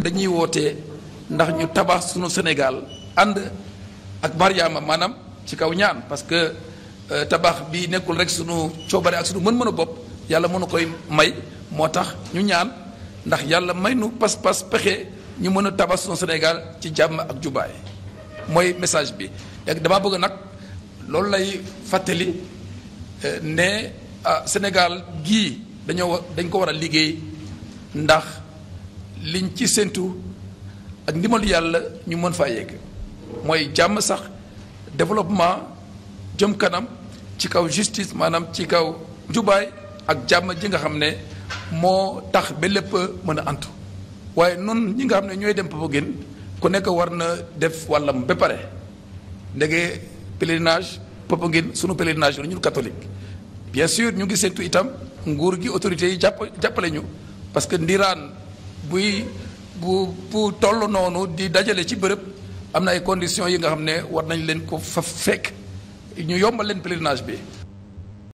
dañuy woote ndax ñu tabax sunu Sénégal ànd ak Mariama maanaam ci kaw ñaan parce que euh, tabax bi nekkul rek sunu coobare ak sunu mën-mënu bopp yàlla mënu koy may moo tax ñu ñaan ndax yàlla may nu pas-pas pexe ñu mën a tabax sunu Sénégal ci jàmm ak jubaay mooy message bi. dama bëgg nag loolu lay fàttali euh, ne ah, Sénégal gii dañoo dañ ko war a liggéey ndax. liñ ci séntu ak ndimalu yàlla ñu mën faa yegg mooy jàmm sax développement jëm kanam ci kaw justice maanaam ci kaw jubaay ak jàmm ji nga xam ne moo tax ba lépp mën a antu waaye noonu ñi nga xam ne ñooy dem Popenguine ku nekk war na def wàllam ba pare ndege pèlerinage Popenguine sunu pèlerinage la ñun catholique bien sûr ñu ngi séntu itam nguur gi autorités yi jàpp jàppale ñu parce que buy bu bu toll noonu di dajale ci bërëb am na ay conditions yi nga xam ne war nañ leen ko fa fekk ñu yombal leen pèlerinage bi